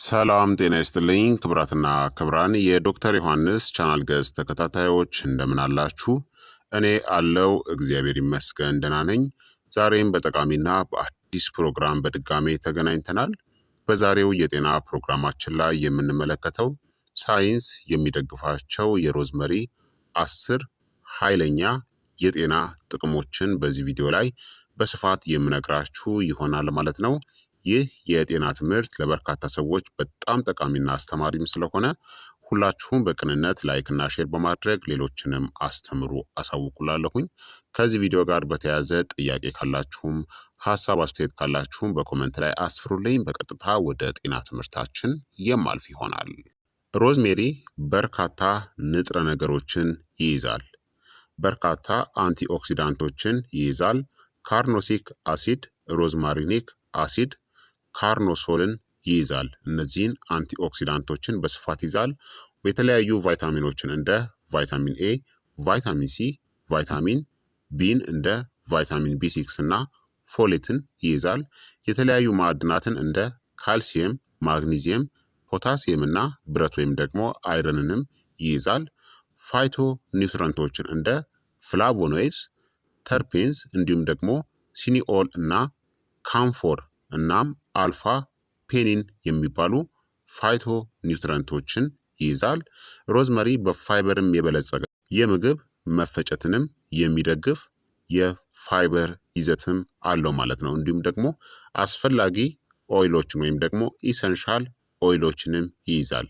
ሰላም ጤና ይስጥልኝ ክብራትና ክብራን የዶክተር ዮሐንስ ቻናል ገጽ ተከታታዮች እንደምን አላችሁ? እኔ አለው እግዚአብሔር ይመስገን ደህና ነኝ። ዛሬም በጠቃሚና በአዲስ ፕሮግራም በድጋሜ ተገናኝተናል። በዛሬው የጤና ፕሮግራማችን ላይ የምንመለከተው ሳይንስ የሚደግፋቸው የሮዝመሪ አስር ኃይለኛ የጤና ጥቅሞችን በዚህ ቪዲዮ ላይ በስፋት የምነግራችሁ ይሆናል ማለት ነው። ይህ የጤና ትምህርት ለበርካታ ሰዎች በጣም ጠቃሚና አስተማሪም ስለሆነ ሁላችሁም በቅንነት ላይክና ሼር በማድረግ ሌሎችንም አስተምሩ አሳውቁላለሁኝ። ከዚህ ቪዲዮ ጋር በተያያዘ ጥያቄ ካላችሁም ሀሳብ አስተያየት ካላችሁም በኮመንት ላይ አስፍሩልኝ። በቀጥታ ወደ ጤና ትምህርታችን የማልፍ ይሆናል። ሮዝሜሪ በርካታ ንጥረ ነገሮችን ይይዛል። በርካታ አንቲኦክሲዳንቶችን ይይዛል። ካርኖሲክ አሲድ፣ ሮዝማሪኒክ አሲድ፣ ካርኖሶልን ይይዛል። እነዚህን አንቲኦክሲዳንቶችን በስፋት ይዛል። የተለያዩ ቫይታሚኖችን እንደ ቫይታሚን ኤ፣ ቫይታሚን ሲ፣ ቫይታሚን ቢን እንደ ቫይታሚን ቢ6 እና ፎሌትን ይይዛል። የተለያዩ ማዕድናትን እንደ ካልሲየም፣ ማግኒዚየም፣ ፖታሲየም እና ብረት ወይም ደግሞ አይረንንም ይይዛል። ፋይቶ ኒውትረንቶችን እንደ ፍላቮኖይዝ፣ ተርፔንስ እንዲሁም ደግሞ ሲኒኦል እና ካምፎር እናም አልፋ ፔኒን የሚባሉ ፋይቶ ኒውትረንቶችን ይይዛል። ሮዝመሪ በፋይበርም የበለጸገ የምግብ መፈጨትንም የሚደግፍ የፋይበር ይዘትም አለው ማለት ነው። እንዲሁም ደግሞ አስፈላጊ ኦይሎችን ወይም ደግሞ ኢሰንሻል ኦይሎችንም ይይዛል።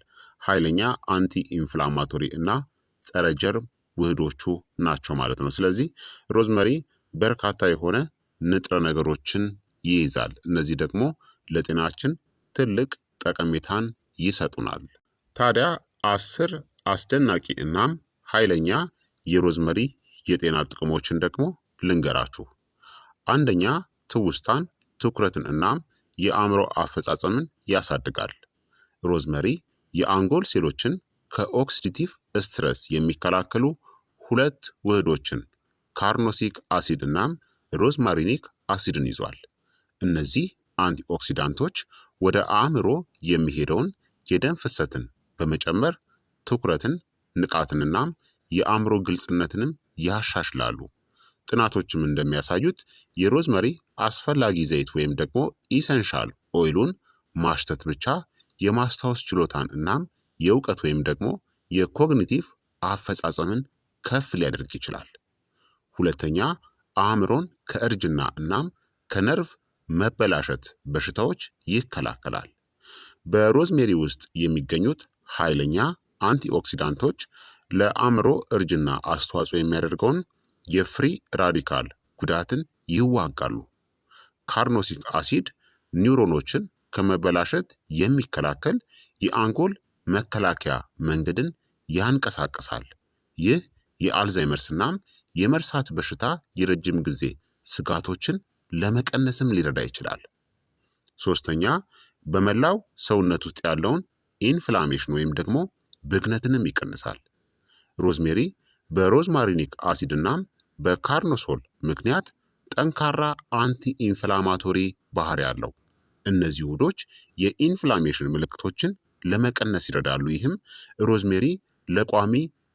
ኃይለኛ አንቲ ኢንፍላማቶሪ እና ጸረ ጀርም ውህዶቹ ናቸው ማለት ነው። ስለዚህ ሮዝመሪ በርካታ የሆነ ንጥረ ነገሮችን ይይዛል። እነዚህ ደግሞ ለጤናችን ትልቅ ጠቀሜታን ይሰጡናል። ታዲያ አስር አስደናቂ እናም ኃይለኛ የሮዝመሪ የጤና ጥቅሞችን ደግሞ ልንገራችሁ። አንደኛ ትውስታን፣ ትኩረትን እናም የአእምሮ አፈጻጸምን ያሳድጋል። ሮዝመሪ የአንጎል ሴሎችን ከኦክሲዲቲቭ ስትረስ የሚከላከሉ ሁለት ውህዶችን ካርኖሲክ አሲድ እናም ሮዝማሪኒክ አሲድን ይዟል። እነዚህ አንቲኦክሲዳንቶች ወደ አእምሮ የሚሄደውን የደም ፍሰትን በመጨመር ትኩረትን፣ ንቃትንናም የአእምሮ ግልጽነትንም ያሻሽላሉ። ጥናቶችም እንደሚያሳዩት የሮዝመሪ አስፈላጊ ዘይት ወይም ደግሞ ኢሰንሻል ኦይሉን ማሽተት ብቻ የማስታወስ ችሎታን እናም የእውቀት ወይም ደግሞ የኮግኒቲቭ አፈጻጸምን ከፍ ሊያደርግ ይችላል። ሁለተኛ አእምሮን ከእርጅና እናም ከነርቭ መበላሸት በሽታዎች ይከላከላል። በሮዝሜሪ ውስጥ የሚገኙት ኃይለኛ አንቲኦክሲዳንቶች ለአእምሮ እርጅና አስተዋጽኦ የሚያደርገውን የፍሪ ራዲካል ጉዳትን ይዋጋሉ። ካርኖሲክ አሲድ ኒውሮኖችን ከመበላሸት የሚከላከል የአንጎል መከላከያ መንገድን ያንቀሳቅሳል። ይህ የአልዛይመርስ እናም የመርሳት በሽታ የረጅም ጊዜ ስጋቶችን ለመቀነስም ሊረዳ ይችላል። ሶስተኛ በመላው ሰውነት ውስጥ ያለውን ኢንፍላሜሽን ወይም ደግሞ ብግነትንም ይቀንሳል። ሮዝሜሪ በሮዝማሪኒክ አሲድ እናም በካርኖሶል ምክንያት ጠንካራ አንቲ ኢንፍላማቶሪ ባህሪ ያለው እነዚህ ውህዶች የኢንፍላሜሽን ምልክቶችን ለመቀነስ ይረዳሉ። ይህም ሮዝሜሪ ለቋሚ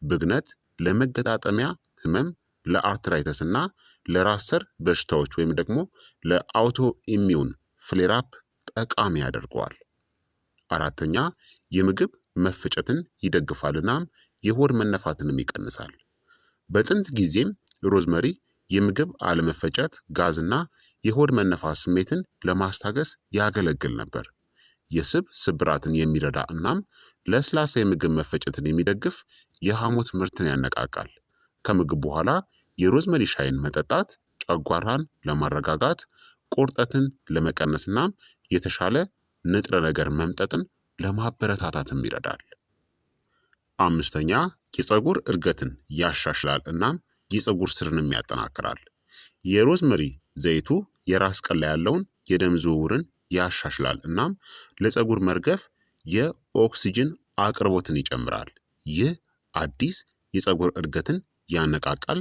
ብግነት፣ ለመገጣጠሚያ ህመም፣ ለአርትራይተስ እና ለራስ ሰር በሽታዎች ወይም ደግሞ ለአውቶ ኢሚዩን ፍሌራፕ ጠቃሚ ያደርገዋል። አራተኛ የምግብ መፈጨትን ይደግፋል እናም የሆድ መነፋትንም ይቀንሳል። በጥንት ጊዜም ሮዝመሪ የምግብ አለመፈጨት፣ ጋዝና የሆድ መነፋት ስሜትን ለማስታገስ ያገለግል ነበር። የስብ ስብራትን የሚረዳ እናም ለስላሳ የምግብ መፈጨትን የሚደግፍ የሐሞት ምርትን ያነቃቃል። ከምግብ በኋላ የሮዝመሪ ሻይን መጠጣት ጨጓራን ለማረጋጋት፣ ቁርጠትን ለመቀነስና የተሻለ ንጥረ ነገር መምጠጥን ለማበረታታትም ይረዳል። አምስተኛ የፀጉር እድገትን ያሻሽላል እናም የፀጉር ስርንም ያጠናክራል። የሮዝመሪ ዘይቱ የራስ ቅል ላይ ያለውን የደም ዝውውርን ያሻሽላል እናም ለፀጉር መርገፍ የኦክሲጅን አቅርቦትን ይጨምራል። ይህ አዲስ የፀጉር እድገትን ያነቃቃል፣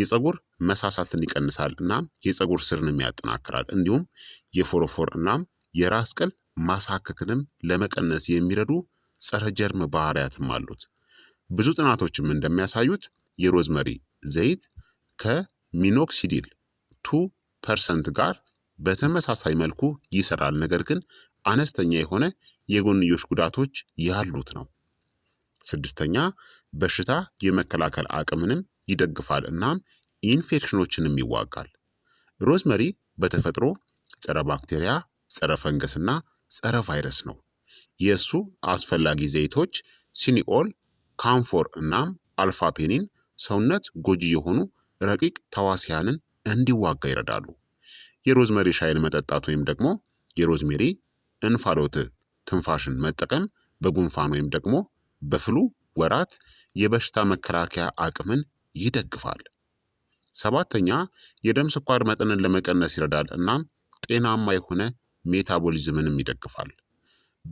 የፀጉር መሳሳትን ይቀንሳል እናም የፀጉር ስርንም ያጠናክራል። እንዲሁም የፎሮፎር እናም የራስ ቅል ማሳከክንም ለመቀነስ የሚረዱ ጸረ ጀርም ባህሪያትም አሉት። ብዙ ጥናቶችም እንደሚያሳዩት የሮዝመሪ ዘይት ከሚኖክሲዲል ቱ ፐርሰንት ጋር በተመሳሳይ መልኩ ይሰራል፣ ነገር ግን አነስተኛ የሆነ የጎንዮሽ ጉዳቶች ያሉት ነው። ስድስተኛ በሽታ የመከላከል አቅምንም ይደግፋል እናም ኢንፌክሽኖችንም ይዋጋል። ሮዝመሪ በተፈጥሮ ጸረ ባክቴሪያ፣ ጸረ እና ጸረ ቫይረስ ነው። የእሱ አስፈላጊ ዘይቶች ሲኒኦል፣ ካምፎር እናም አልፋፔኒን ሰውነት ጎጂ የሆኑ ረቂቅ ተዋሲያንን እንዲዋጋ ይረዳሉ። የሮዝሜሪ ሻይን መጠጣት ወይም ደግሞ የሮዝሜሪ እንፋሎት ትንፋሽን መጠቀም በጉንፋን ወይም ደግሞ በፍሉ ወራት የበሽታ መከላከያ አቅምን ይደግፋል። ሰባተኛ የደም ስኳር መጠንን ለመቀነስ ይረዳል እናም ጤናማ የሆነ ሜታቦሊዝምንም ይደግፋል።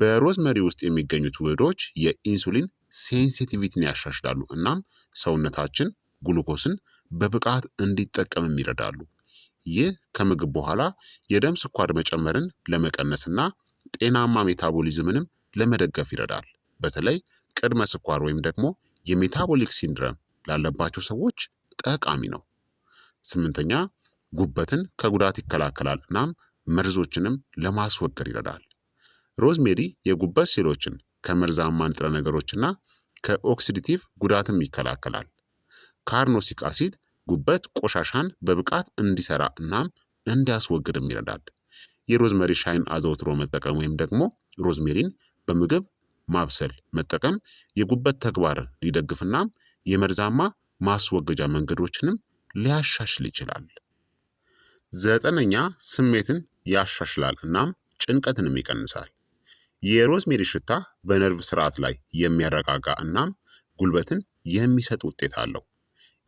በሮዝመሪ ውስጥ የሚገኙት ውህዶች የኢንሱሊን ሴንሲቲቪቲን ያሻሽላሉ እናም ሰውነታችን ግሉኮስን በብቃት እንዲጠቀምም ይረዳሉ። ይህ ከምግብ በኋላ የደም ስኳር መጨመርን ለመቀነስና ጤናማ ሜታቦሊዝምንም ለመደገፍ ይረዳል። በተለይ ቅድመ ስኳር ወይም ደግሞ የሜታቦሊክ ሲንድረም ላለባቸው ሰዎች ጠቃሚ ነው። ስምንተኛ ጉበትን ከጉዳት ይከላከላል እናም መርዞችንም ለማስወገድ ይረዳል። ሮዝሜሪ የጉበት ሴሎችን ከመርዛማ ንጥረ ነገሮችና ከኦክሲዲቲቭ ጉዳትም ይከላከላል። ካርኖሲክ አሲድ ጉበት ቆሻሻን በብቃት እንዲሰራ እናም እንዲያስወግድም ይረዳል። የሮዝሜሪ ሻይን አዘውትሮ መጠቀም ወይም ደግሞ ሮዝሜሪን በምግብ ማብሰል መጠቀም የጉበት ተግባርን ሊደግፍና የመርዛማ ማስወገጃ መንገዶችንም ሊያሻሽል ይችላል። ዘጠነኛ ስሜትን ያሻሽላል እናም ጭንቀትንም ይቀንሳል። የሮዝሜሪ ሽታ በነርቭ ስርዓት ላይ የሚያረጋጋ እናም ጉልበትን የሚሰጥ ውጤት አለው።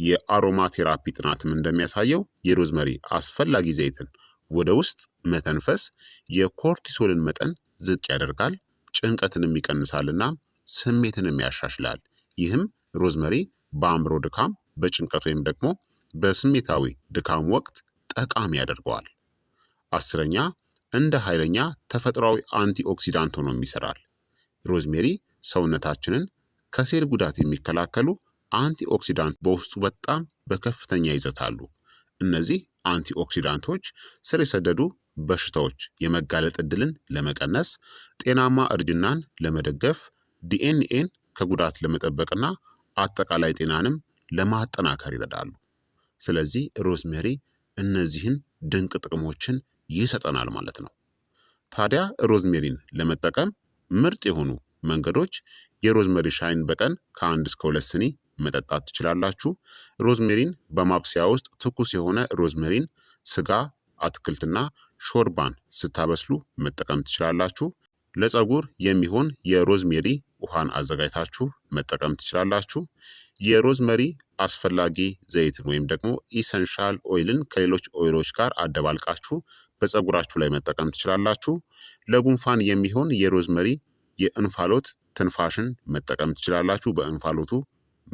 የአሮማ ቴራፒ ጥናትም እንደሚያሳየው የሮዝመሪ አስፈላጊ ዘይትን ወደ ውስጥ መተንፈስ የኮርቲሶልን መጠን ዝቅ ያደርጋል፣ ጭንቀትንም ይቀንሳልና ስሜትንም ያሻሽላል። ይህም ሮዝመሪ በአእምሮ ድካም፣ በጭንቀት ወይም ደግሞ በስሜታዊ ድካም ወቅት ጠቃሚ ያደርገዋል። አስረኛ እንደ ኃይለኛ ተፈጥሯዊ አንቲኦክሲዳንት ሆኖም ይሰራል። ሮዝሜሪ ሰውነታችንን ከሴል ጉዳት የሚከላከሉ አንቲኦክሲዳንት በውስጡ በጣም በከፍተኛ ይዘት አሉ። እነዚህ አንቲኦክሲዳንቶች ስር የሰደዱ በሽታዎች የመጋለጥ እድልን ለመቀነስ፣ ጤናማ እርጅናን ለመደገፍ፣ ዲኤንኤን ከጉዳት ለመጠበቅና አጠቃላይ ጤናንም ለማጠናከር ይረዳሉ። ስለዚህ ሮዝሜሪ እነዚህን ድንቅ ጥቅሞችን ይሰጠናል ማለት ነው። ታዲያ ሮዝሜሪን ለመጠቀም ምርጥ የሆኑ መንገዶች የሮዝሜሪ ሻይን በቀን ከአንድ እስከ ሁለት ስኒ መጠጣት ትችላላችሁ። ሮዝሜሪን በማብሰያ ውስጥ ትኩስ የሆነ ሮዝሜሪን፣ ስጋ፣ አትክልትና ሾርባን ስታበስሉ መጠቀም ትችላላችሁ። ለፀጉር የሚሆን የሮዝሜሪ ውሃን አዘጋጅታችሁ መጠቀም ትችላላችሁ። የሮዝመሪ አስፈላጊ ዘይትን ወይም ደግሞ ኢሰንሻል ኦይልን ከሌሎች ኦይሎች ጋር አደባልቃችሁ በፀጉራችሁ ላይ መጠቀም ትችላላችሁ። ለጉንፋን የሚሆን የሮዝመሪ የእንፋሎት ትንፋሽን መጠቀም ትችላላችሁ። በእንፋሎቱ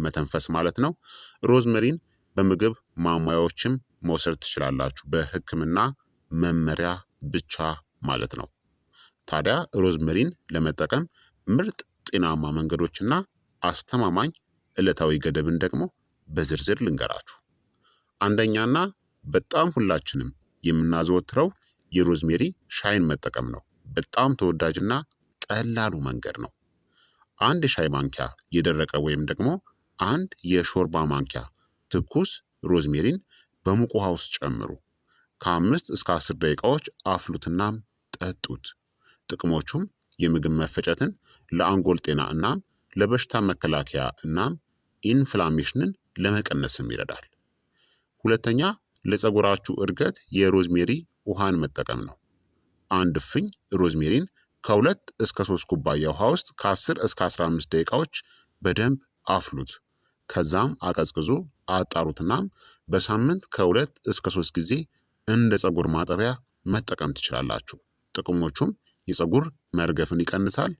መተንፈስ ማለት ነው። ሮዝመሪን በምግብ ማሟያዎችም መውሰድ ትችላላችሁ። በሕክምና መመሪያ ብቻ ማለት ነው። ታዲያ ሮዝመሪን ለመጠቀም ምርጥ ጤናማ መንገዶችና አስተማማኝ ዕለታዊ ገደብን ደግሞ በዝርዝር ልንገራችሁ። አንደኛና በጣም ሁላችንም የምናዘወትረው የሮዝሜሪ ሻይን መጠቀም ነው። በጣም ተወዳጅና ቀላሉ መንገድ ነው። አንድ የሻይ ማንኪያ የደረቀ ወይም ደግሞ አንድ የሾርባ ማንኪያ ትኩስ ሮዝሜሪን በሙቅ ውሃ ውስጥ ጨምሩ። ከአምስት እስከ አስር ደቂቃዎች አፍሉትና ጠጡት። ጥቅሞቹም የምግብ መፈጨትን፣ ለአንጎል ጤና እናም ለበሽታ መከላከያ እናም ኢንፍላሜሽንን ለመቀነስም ይረዳል። ሁለተኛ ለጸጉራችሁ እድገት የሮዝሜሪ ውሃን መጠቀም ነው። አንድ እፍኝ ሮዝሜሪን ከሁለት እስከ ሶስት ኩባያ ውሃ ውስጥ ከ10 እስከ 15 ደቂቃዎች በደንብ አፍሉት። ከዛም አቀዝቅዞ አጣሩትናም በሳምንት ከሁለት እስከ ሶስት ጊዜ እንደ ፀጉር ማጠቢያ መጠቀም ትችላላችሁ። ጥቅሞቹም የፀጉር መርገፍን ይቀንሳል፣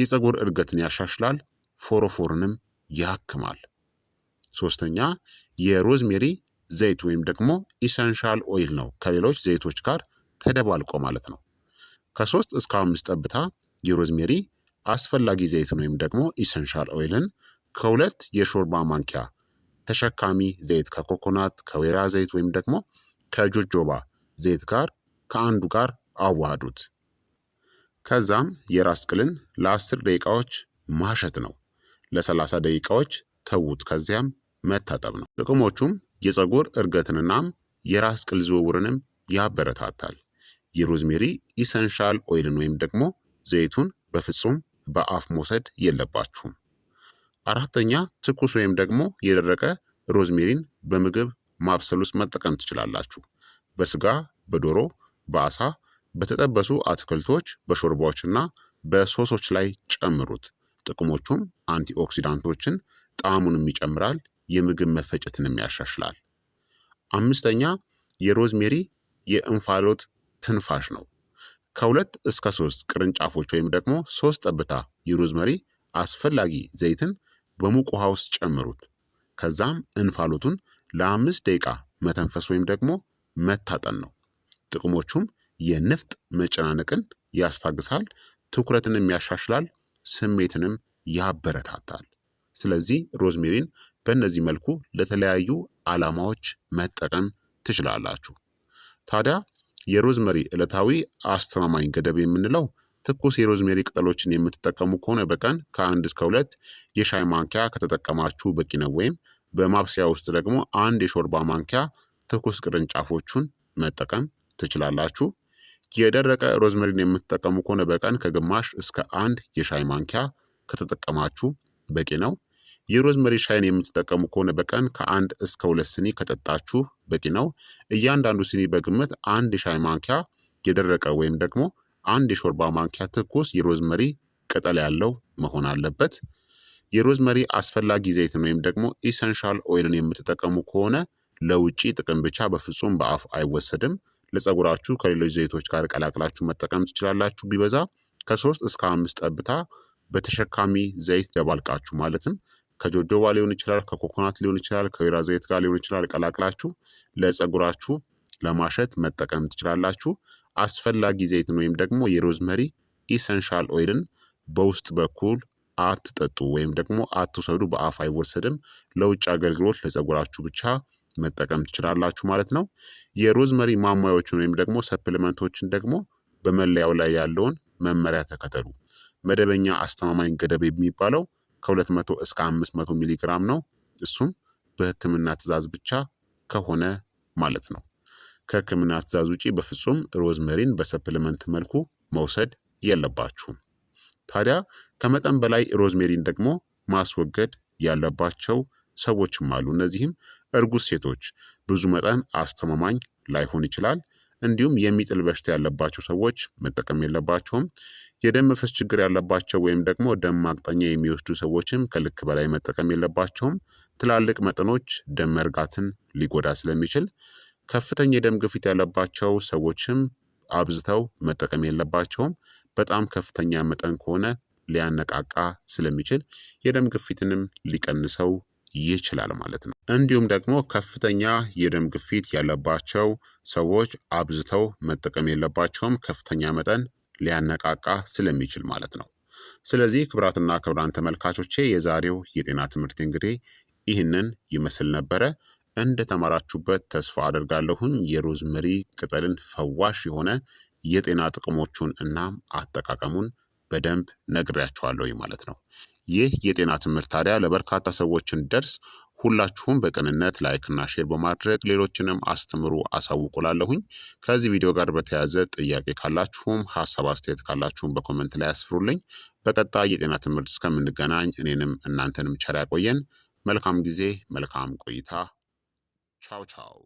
የፀጉር እድገትን ያሻሽላል፣ ፎሮፎርንም ያክማል። ሶስተኛ የሮዝሜሪ ዘይት ወይም ደግሞ ኢሰንሻል ኦይል ነው። ከሌሎች ዘይቶች ጋር ተደባልቆ ማለት ነው። ከሶስት እስከ አምስት ጠብታ የሮዝሜሪ አስፈላጊ ዘይትን ወይም ደግሞ ኢሰንሻል ኦይልን ከሁለት የሾርባ ማንኪያ ተሸካሚ ዘይት ከኮኮናት ከወይራ ዘይት ወይም ደግሞ ከጆጆባ ዘይት ጋር ከአንዱ ጋር አዋህዱት። ከዛም የራስ ቅልን ለ10 ደቂቃዎች ማሸት ነው። ለ30 ደቂቃዎች ተዉት። ከዚያም መታጠብ ነው። ጥቅሞቹም የፀጉር እድገትንናም የራስ ቅል ዝውውርንም ያበረታታል። የሮዝሜሪ ኢሰንሻል ኦይልን ወይም ደግሞ ዘይቱን በፍጹም በአፍ መውሰድ የለባችሁም። አራተኛ ትኩስ ወይም ደግሞ የደረቀ ሮዝሜሪን በምግብ ማብሰል ውስጥ መጠቀም ትችላላችሁ። በስጋ፣ በዶሮ፣ በአሳ፣ በተጠበሱ አትክልቶች፣ በሾርባዎችና በሶሶች ላይ ጨምሩት። ጥቅሞቹም አንቲኦክሲዳንቶችን፣ ጣዕሙንም ይጨምራል፣ የምግብ መፈጨትንም ያሻሽላል። አምስተኛ የሮዝሜሪ የእንፋሎት ትንፋሽ ነው። ከሁለት እስከ ሶስት ቅርንጫፎች ወይም ደግሞ ሶስት ጠብታ የሮዝመሪ አስፈላጊ ዘይትን በሙቅ ውሃ ውስጥ ጨምሩት። ከዛም እንፋሎቱን ለአምስት ደቂቃ መተንፈስ ወይም ደግሞ መታጠን ነው። ጥቅሞቹም የንፍጥ መጨናነቅን ያስታግሳል፣ ትኩረትንም ያሻሽላል፣ ስሜትንም ያበረታታል። ስለዚህ ሮዝሜሪን በእነዚህ መልኩ ለተለያዩ ዓላማዎች መጠቀም ትችላላችሁ። ታዲያ የሮዝመሪ ዕለታዊ አስተማማኝ ገደብ የምንለው ትኩስ የሮዝሜሪ ቅጠሎችን የምትጠቀሙ ከሆነ በቀን ከአንድ እስከ ሁለት የሻይ ማንኪያ ከተጠቀማችሁ በቂ ነው ወይም በማብሰያ ውስጥ ደግሞ አንድ የሾርባ ማንኪያ ትኩስ ቅርንጫፎቹን መጠቀም ትችላላችሁ። የደረቀ ሮዝመሪን የምትጠቀሙ ከሆነ በቀን ከግማሽ እስከ አንድ የሻይ ማንኪያ ከተጠቀማችሁ በቂ ነው። የሮዝመሪ ሻይን የምትጠቀሙ ከሆነ በቀን ከአንድ እስከ ሁለት ስኒ ከጠጣችሁ በቂ ነው። እያንዳንዱ ስኒ በግምት አንድ የሻይ ማንኪያ የደረቀ ወይም ደግሞ አንድ የሾርባ ማንኪያ ትኩስ የሮዝመሪ ቅጠል ያለው መሆን አለበት። የሮዝመሪ አስፈላጊ ዘይትን ወይም ደግሞ ኢሰንሻል ኦይልን የምትጠቀሙ ከሆነ ለውጪ ጥቅም ብቻ በፍጹም በአፍ አይወሰድም። ለጸጉራችሁ ከሌሎች ዘይቶች ጋር ቀላቅላችሁ መጠቀም ትችላላችሁ። ቢበዛ ከሶስት እስከ አምስት ጠብታ በተሸካሚ ዘይት ደባልቃችሁ ማለትም ከጆጆባ ሊሆን ይችላል፣ ከኮኮናት ሊሆን ይችላል፣ ከወይራ ዘይት ጋር ሊሆን ይችላል። ቀላቅላችሁ ለጸጉራችሁ ለማሸት መጠቀም ትችላላችሁ። አስፈላጊ ዘይትን ወይም ደግሞ የሮዝመሪ ኢሰንሻል ኦይልን በውስጥ በኩል አትጠጡ ወይም ደግሞ አትውሰዱ። በአፍ አይወሰድም። ለውጭ አገልግሎት ለፀጉራችሁ ብቻ መጠቀም ትችላላችሁ ማለት ነው። የሮዝመሪ ማሟያዎችን ወይም ደግሞ ሰፕሊመንቶችን ደግሞ በመለያው ላይ ያለውን መመሪያ ተከተሉ። መደበኛ አስተማማኝ ገደብ የሚባለው ከ200 እስከ 500 ሚሊግራም ነው። እሱም በህክምና ትእዛዝ ብቻ ከሆነ ማለት ነው። ከህክምና ትእዛዝ ውጪ በፍጹም ሮዝመሪን በሰፕሊመንት መልኩ መውሰድ የለባችሁም። ታዲያ ከመጠን በላይ ሮዝሜሪን ደግሞ ማስወገድ ያለባቸው ሰዎችም አሉ። እነዚህም እርጉዝ ሴቶች፣ ብዙ መጠን አስተማማኝ ላይሆን ይችላል። እንዲሁም የሚጥል በሽታ ያለባቸው ሰዎች መጠቀም የለባቸውም። የደም መፍሰስ ችግር ያለባቸው ወይም ደግሞ ደም ማቅጠኛ የሚወስዱ ሰዎችም ከልክ በላይ መጠቀም የለባቸውም። ትላልቅ መጠኖች ደም መርጋትን ሊጎዳ ስለሚችል ከፍተኛ የደም ግፊት ያለባቸው ሰዎችም አብዝተው መጠቀም የለባቸውም። በጣም ከፍተኛ መጠን ከሆነ ሊያነቃቃ ስለሚችል የደም ግፊትንም ሊቀንሰው ይችላል ማለት ነው። እንዲሁም ደግሞ ከፍተኛ የደም ግፊት ያለባቸው ሰዎች አብዝተው መጠቀም የለባቸውም፣ ከፍተኛ መጠን ሊያነቃቃ ስለሚችል ማለት ነው። ስለዚህ ክብራትና ክብራን ተመልካቾቼ የዛሬው የጤና ትምህርት እንግዲህ ይህንን ይመስል ነበረ። ተማራችሁበት ተስፋ አድርጋለሁኝ። የሮዝመሪ ቅጠልን ፈዋሽ የሆነ የጤና ጥቅሞቹን እናም አጠቃቀሙን በደንብ ነግሬያችኋለሁኝ ማለት ነው። ይህ የጤና ትምህርት ታዲያ ለበርካታ ሰዎች እንደርስ ሁላችሁም በቅንነት ላይክና ሼር በማድረግ ሌሎችንም አስተምሩ አሳውቁላለሁኝ። ከዚህ ቪዲዮ ጋር በተያያዘ ጥያቄ ካላችሁም ሀሳብ አስተያየት ካላችሁም በኮመንት ላይ ያስፍሩልኝ። በቀጣይ የጤና ትምህርት እስከምንገናኝ እኔንም እናንተንም ቸር ያቆየን። መልካም ጊዜ፣ መልካም ቆይታ። ቻው ቻው